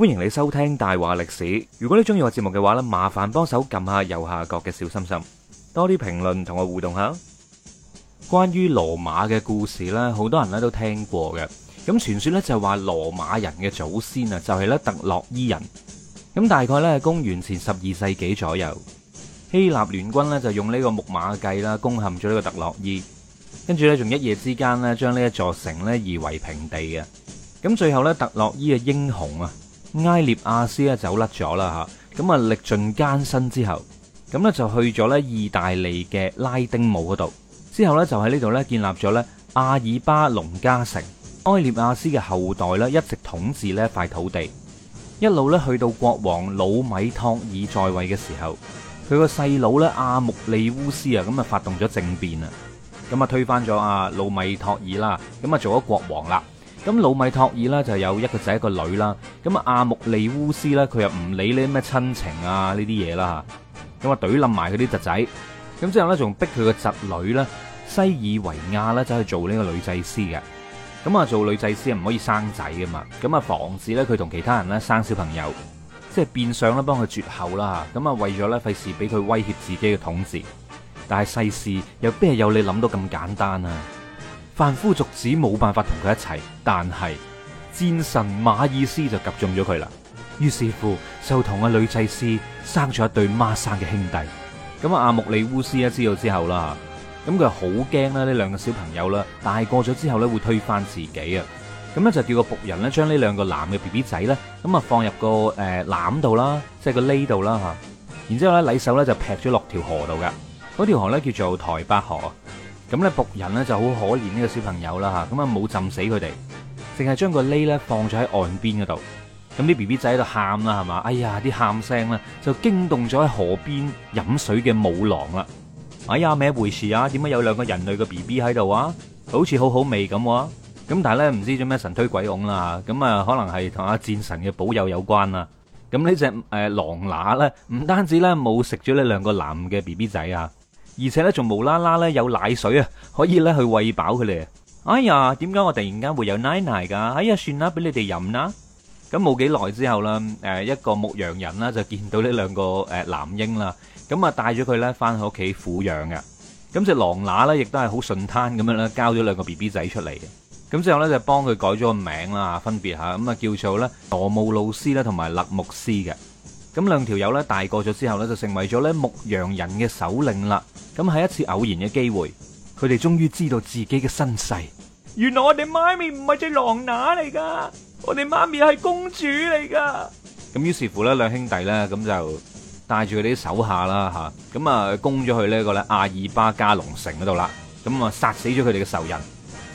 歡迎你收聽大話歷史如果你中意我節目嘅話麻煩幫手撳下右下角嘅小心心多啲評論同我互動下關於羅馬嘅故事好多人都聽過嘅咁傳說呢就話羅馬人嘅祖先就係咧特洛伊人咁大概呢公元前十二世紀左右希臘聯軍就用呢個木馬計啦攻陷咗呢個特洛伊跟住呢仲一夜之間將呢一座城夷為平地嘅咁最後呢特洛伊嘅英雄埃涅阿斯咧就甩咗啦吓，咁啊歷盡艱辛之後，咁呢就去咗呢意大利嘅拉丁姆嗰度，之後呢，就喺呢度呢建立咗呢阿爾巴隆加城。埃涅阿斯嘅後代呢，一直統治呢一塊土地，一路呢去到國王魯米托爾在位嘅時候，佢個細佬呢，阿穆利烏斯啊咁啊發動咗政變啊，咁啊推翻咗阿魯米托爾啦，咁啊做咗國王啦。咁老米托爾呢，就有一個仔一個女啦，咁阿穆利烏斯呢，佢又唔理呢啲咩親情啊呢啲嘢啦吓，咁啊懟冧埋佢啲侄仔，咁之後呢，仲逼佢個侄女呢，西爾維亞呢，就去做呢個女祭司嘅，咁啊做女祭司唔可以生仔噶嘛，咁啊防止呢，佢同其他人呢生小朋友，即係變相咧幫佢絕後啦，咁啊為咗呢費事俾佢威脅自己嘅統治，但係世事又邊係有你諗到咁簡單啊？凡夫俗子冇辦法同佢一齊，但係戰神馬爾斯就及中咗佢啦。於是乎就同阿女祭司生咗一對孖生嘅兄弟。咁阿阿穆里烏斯啊知道之後啦，咁佢好驚啦，呢兩個小朋友啦大個咗之後咧會推翻自己啊。咁咧就叫個僕人咧將呢兩個男嘅 B B 仔，咧咁啊放入個誒籃度啦，即、呃、係、就是、個呢度啦吓。然之後咧禮手咧就劈咗落條河度噶嗰條河咧叫做台北河。咁咧，僕人咧就好可憐呢、這個小朋友啦嚇，咁啊冇浸死佢哋，淨係將個呢咧放咗喺岸邊嗰度。咁啲 B B 仔喺度喊啦，係嘛？哎呀，啲喊聲咧就驚動咗喺河邊飲水嘅母狼啦！哎呀，咩回事啊？點解有兩個人類嘅 B B 喺度啊？好似好好味咁喎！咁但係咧，唔知做咩神推鬼擁啦嚇，咁啊可能係同阿戰神嘅保佑有關啦。咁呢隻狼乸咧，唔單止咧冇食咗呢兩個男嘅 B B 仔啊！而且咧，仲無啦啦咧，有奶水啊，可以咧去餵飽佢哋。哎呀，點解我突然間會有奶奶㗎？哎呀，算啦，俾你哋飲啦。咁冇幾耐之後啦，誒一個牧羊人啦，就見到呢兩個誒男嬰啦，咁啊帶咗佢咧翻去屋企撫養嘅。咁隻狼乸咧，亦都係好順攤咁樣咧，交咗兩個 BB 仔出嚟嘅。咁之後咧就幫佢改咗個名啦，分別嚇咁啊叫做咧羅慕魯斯咧同埋勒慕斯嘅。咁兩條友咧大個咗之後咧，就成為咗咧牧羊人嘅首領啦。咁喺一次偶然嘅機會，佢哋終於知道自己嘅身世。原來我哋媽咪唔係隻狼乸嚟噶，我哋媽咪係公主嚟噶咁於是乎咧，兩兄弟咧，咁就帶住佢哋啲手下啦，吓，咁啊，攻咗去呢個咧阿爾巴加龍城嗰度啦。咁啊，殺死咗佢哋嘅仇人，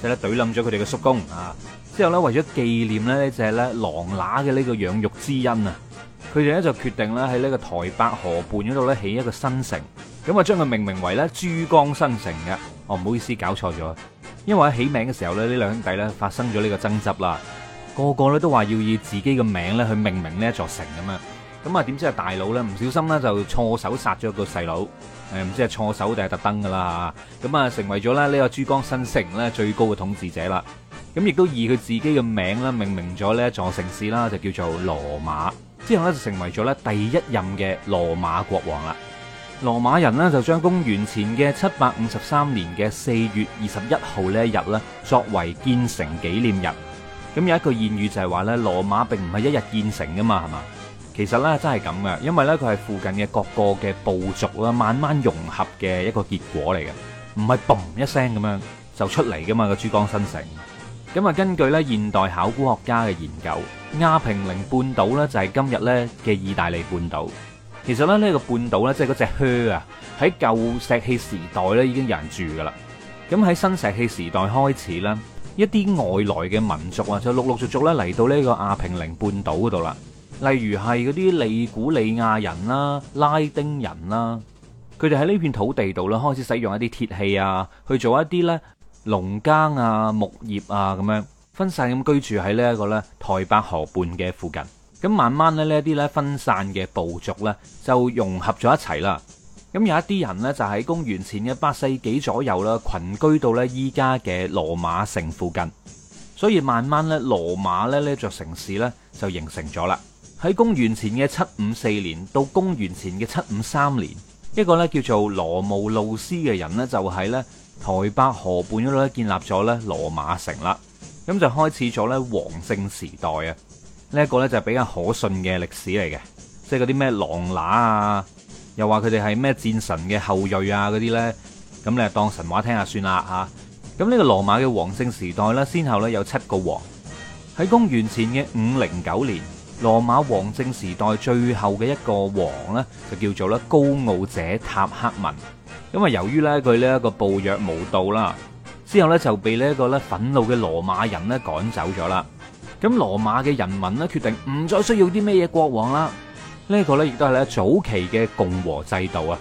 即係咧，懟冧咗佢哋嘅叔公啊。之後咧，為咗紀念咧呢隻咧狼乸嘅呢個養育之恩啊，佢哋咧就決定咧喺呢個台伯河畔嗰度咧起一個新城。咁啊，將佢命名為咧珠江新城嘅。哦，唔好意思，搞錯咗。因為喺起名嘅時候咧，呢兩兄弟咧發生咗呢個爭執啦。個個咧都話要以自己嘅名咧去命名呢一座城咁樣。咁啊，點知啊大佬咧唔小心咧就錯手殺咗個細佬。誒，唔知係錯手定係特登噶啦吓。咁啊，成為咗咧呢個珠江新城咧最高嘅統治者啦。咁亦都以佢自己嘅名咧命名咗呢一座城市啦，就叫做羅馬。之後咧就成為咗咧第一任嘅羅馬國王啦。羅馬人呢，就將公元前嘅七百五十三年嘅四月二十一號呢一日呢，作為建成紀念日。咁有一句諺語就係話呢羅馬並唔係一日建成噶嘛，係嘛？其實呢，真係咁嘅，因為呢，佢係附近嘅各個嘅部族啦慢慢融合嘅一個結果嚟嘅，唔係嘣一聲咁樣就出嚟噶嘛個珠江新城。咁啊根據呢現代考古學家嘅研究，亞平寧半島呢，就係今日呢嘅意大利半島。其實咧，呢個半島呢，即係嗰隻靴啊，喺舊石器時代呢已經有人住噶啦。咁喺新石器時代開始呢，一啲外來嘅民族啊，就陸陸續續呢嚟到呢個亞平寧半島嗰度啦。例如係嗰啲利古里亞人啦、拉丁人啦，佢哋喺呢片土地度呢開始使用一啲鐵器啊，去做一啲呢農耕啊、牧業啊咁樣分散咁居住喺呢一個呢台北河畔嘅附近。咁慢慢咧，呢一啲分散嘅部族呢，就融合咗一齊啦。咁有一啲人呢，就喺公元前嘅八世紀左右啦，群居到呢依家嘅羅馬城附近。所以慢慢呢，羅馬呢，呢一座城市呢，就形成咗啦。喺公元前嘅七五四年到公元前嘅七五三年，一個呢叫做羅慕路斯嘅人呢，就喺呢台伯河畔嗰度咧建立咗呢羅馬城啦。咁就開始咗呢王政時代啊。呢一個咧就係比較可信嘅歷史嚟嘅，即係嗰啲咩狼乸啊，又話佢哋係咩戰神嘅後裔啊嗰啲呢。咁咧當神話聽下算啦吓。咁呢個羅馬嘅王政時代呢，先後呢有七個王。喺公元前嘅五零九年，羅馬王政時代最後嘅一個王呢，就叫做咧高傲者塔克文。因為由於呢，佢呢一個暴虐無道啦，之後呢就被呢一個咧憤怒嘅羅馬人呢趕走咗啦。咁羅馬嘅人民咧決定唔再需要啲咩嘢國王啦，呢一個咧亦都係咧早期嘅共和制度啊，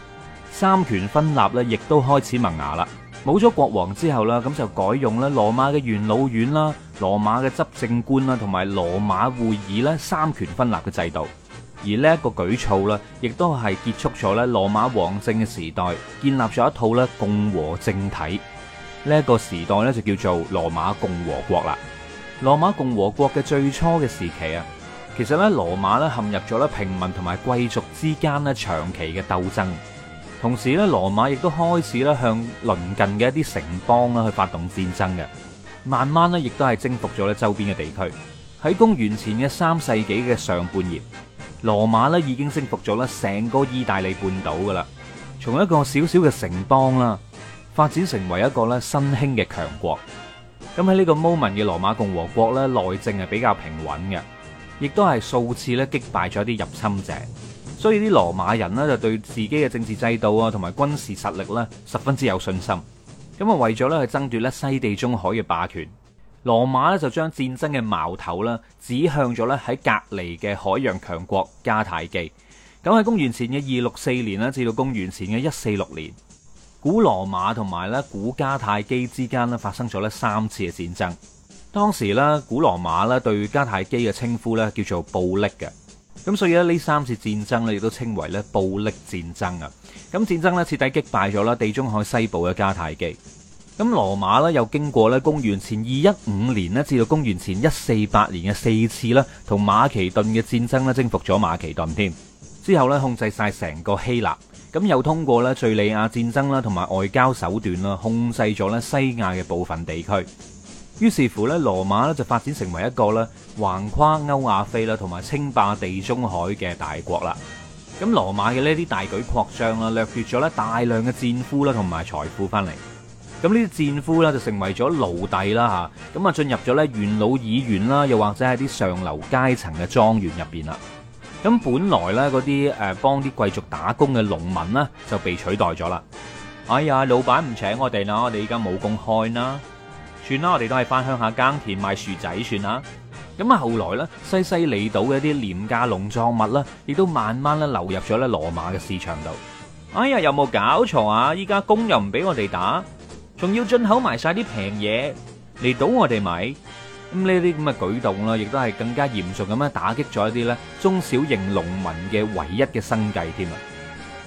三權分立呢，亦都開始萌芽啦。冇咗國王之後啦，咁就改用咧羅馬嘅元老院啦、羅馬嘅執政官啦同埋羅馬會議呢三權分立嘅制度。而呢一個舉措呢，亦都係結束咗咧羅馬王政嘅時代，建立咗一套咧共和政體。呢一個時代呢，就叫做羅馬共和國啦。羅馬共和國嘅最初嘅時期啊，其實咧羅馬咧陷入咗咧平民同埋貴族之間咧長期嘅鬥爭，同時咧羅馬亦都開始咧向鄰近嘅一啲城邦啦去發動戰爭嘅，慢慢咧亦都係征服咗咧周邊嘅地區。喺公元前嘅三世紀嘅上半葉，羅馬咧已經征服咗咧成個意大利半島噶啦，從一個小小嘅城邦啦，發展成為一個咧新興嘅強國。咁喺呢個 moment 嘅羅馬共和國呢，內政係比較平穩嘅，亦都係數次呢擊敗咗啲入侵者，所以啲羅馬人呢，就對自己嘅政治制度啊同埋軍事實力呢十分之有信心。咁啊，為咗咧去爭奪咧西地中海嘅霸權，羅馬呢就將戰爭嘅矛頭呢指向咗咧喺隔離嘅海洋強國迦太基。咁喺公元前嘅二六四年呢至到公元前嘅一四六年，古羅馬同埋咧古迦太基之間咧發生咗咧三次嘅戰爭，當時咧古羅馬咧對迦太基嘅稱呼咧叫做暴力嘅，咁所以咧呢三次戰爭咧亦都稱為咧暴力戰爭啊，咁戰爭咧徹底擊敗咗啦地中海西部嘅迦太基，咁羅馬咧又經過咧公元前二一五年咧至到公元前一四八年嘅四次咧同馬其頓嘅戰爭咧征服咗馬其頓添，之後咧控制晒成個希臘。咁又通過咧敍利亞戰爭啦，同埋外交手段啦，控制咗咧西亞嘅部分地區。於是乎咧，羅馬咧就發展成為一個咧橫跨歐亞非啦，同埋稱霸地中海嘅大國啦。咁羅馬嘅呢啲大舉擴張啦，掠奪咗咧大量嘅戰俘啦，同埋財富翻嚟。咁呢啲戰俘咧就成為咗奴隸啦嚇，咁啊，進入咗咧元老議員啦，又或者係啲上流階層嘅莊園入邊啦。咁本來咧，嗰啲誒幫啲貴族打工嘅農民咧，就被取代咗啦。哎呀，老闆唔請我哋啦，我哋依家冇工開啦，算啦，我哋都係翻鄉下耕田賣薯仔算啦。咁啊，後來咧，西西里島嘅一啲廉價農作物咧，亦都慢慢咧流入咗咧羅馬嘅市場度。哎呀，有冇搞錯啊？依家工又唔俾我哋打，仲要進口埋曬啲平嘢嚟倒我哋買。咁呢啲咁嘅舉動啦，亦都係更加嚴重咁樣打擊咗一啲咧中小型農民嘅唯一嘅生計添啊！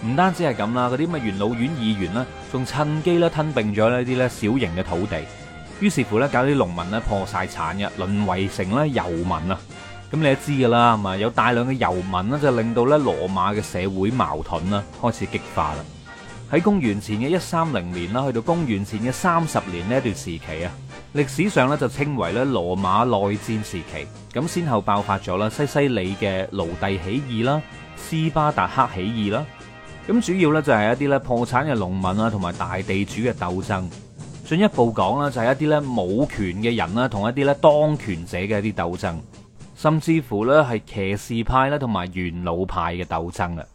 唔單止係咁啦，嗰啲咁嘅元老院議員啦，仲趁機咧吞並咗呢啲咧小型嘅土地。於是乎咧，搞啲農民咧破曬產嘅，淪為成咧遊民啊！咁你都知噶啦，係嘛？有大量嘅遊民咧，就令到咧羅馬嘅社會矛盾啦開始激化啦。喺公元前嘅一三零年啦，去到公元前嘅三十年呢一段時期啊。歷史上咧就稱為咧羅馬內戰時期，咁先後爆發咗啦西西里嘅奴隸起義啦、斯巴達克起義啦，咁主要呢，就係一啲咧破產嘅農民啊同埋大地主嘅鬥爭。進一步講啦，就係一啲咧冇權嘅人啦，同一啲咧當權者嘅一啲鬥爭，甚至乎呢係騎士派啦同埋元老派嘅鬥爭啦。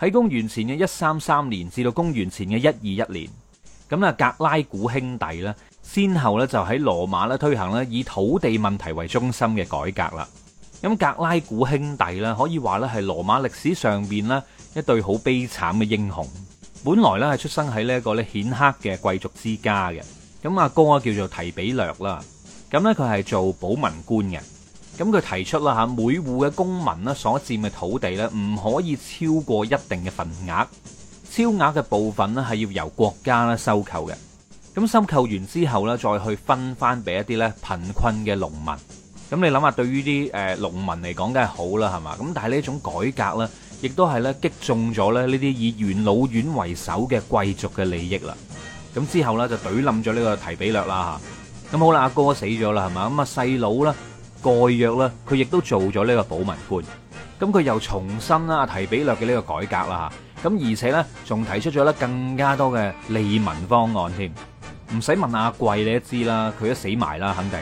喺公元前嘅一三三年至到公元前嘅一二一年，咁啊格拉古兄弟呢，先後就喺羅馬推行以土地問題為中心嘅改革。咁格拉古兄弟可以話係羅馬歷史上邊一對好悲慘嘅英雄。本來係出生喺呢一個顯赫嘅貴族之家嘅。咁阿哥叫做提比略啦。咁佢係做保民官嘅。咁佢提出每戶嘅公民所佔嘅土地唔可以超過一定嘅份額。超額嘅部分係要由國家收購嘅。咁收購完之後咧，再去分翻俾一啲咧貧困嘅農民。咁你諗下，對於啲誒農民嚟講，梗係好啦，係嘛？咁但係呢種改革咧，亦都係咧擊中咗咧呢啲以元老院為首嘅貴族嘅利益啦。咁之後咧就懟冧咗呢個提比略啦嚇。咁好啦，阿哥死咗啦，係嘛？咁啊細佬啦蓋約啦，佢亦都做咗呢個保民官。咁佢又重新啦提比略嘅呢個改革啦嚇。咁而且咧仲提出咗咧更加多嘅利民方案添。唔使問阿貴，你都知啦，佢都死埋啦，肯定。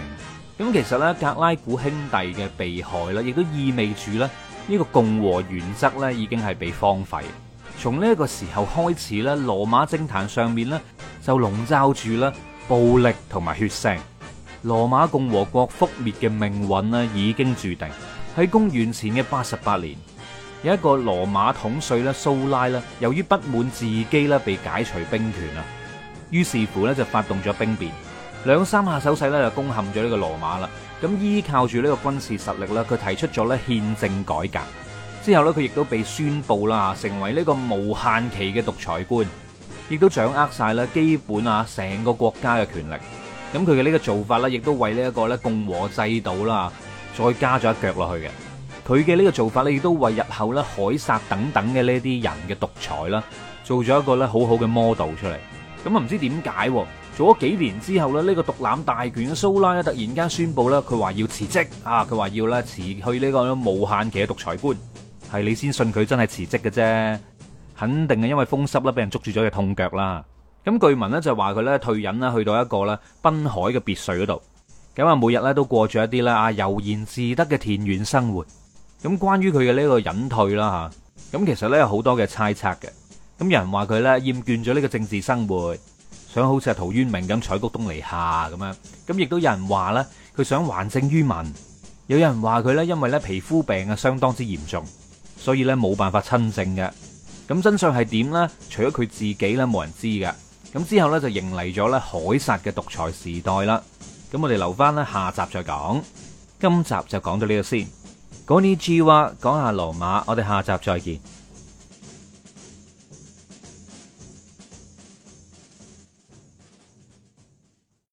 咁其實呢，格拉古兄弟嘅被害咧，亦都意味住呢，呢個共和原則呢，已經係被荒廢。從呢個時候開始呢，羅馬政壇上面呢，就籠罩住咧暴力同埋血腥。羅馬共和國覆滅嘅命運呢，已經注定。喺公元前嘅八十八年，有一個羅馬統帥咧蘇拉呢，由於不滿自己呢，被解除兵權啊。於是乎咧就發動咗兵變，兩三下手勢咧就攻陷咗呢個羅馬啦。咁依靠住呢個軍事實力咧，佢提出咗咧憲政改革。之後呢，佢亦都被宣佈啦，成為呢個無限期嘅獨裁官，亦都掌握晒咧基本啊成個國家嘅權力。咁佢嘅呢個做法咧，亦都為呢一個咧共和制度啦，再加咗一腳落去嘅。佢嘅呢個做法咧，亦都為日後咧凱撒等等嘅呢啲人嘅獨裁啦，做咗一個咧好好嘅 model 出嚟。咁啊，唔知點解做咗幾年之後咧，呢個獨攬大權嘅蘇拉咧，突然間宣布咧，佢話要辭職啊！佢話要咧辭去呢個無限期嘅獨裁官，係你先信佢真係辭職嘅啫，肯定係因為風濕啦，俾人捉住咗嘅痛腳啦。咁據聞呢，就話佢咧退隱啦，去到一個咧濱海嘅別墅嗰度，咁啊每日咧都過住一啲啦啊悠然自得嘅田園生活。咁關於佢嘅呢個隱退啦嚇，咁其實咧有好多嘅猜測嘅。咁有人話佢呢厭倦咗呢個政治生活，想好似陶淵明咁采谷東籬下咁樣。咁亦都有人話呢佢想還政於民。有人話佢呢因為呢皮膚病啊相當之嚴重，所以呢冇辦法親政嘅。咁真相係點呢？除咗佢自己呢冇人知嘅。咁之後呢，就迎嚟咗呢凱撒嘅獨裁時代啦。咁我哋留翻呢下集再講。今集就講到呢度先。講呢句話，講下羅馬，我哋下集再見。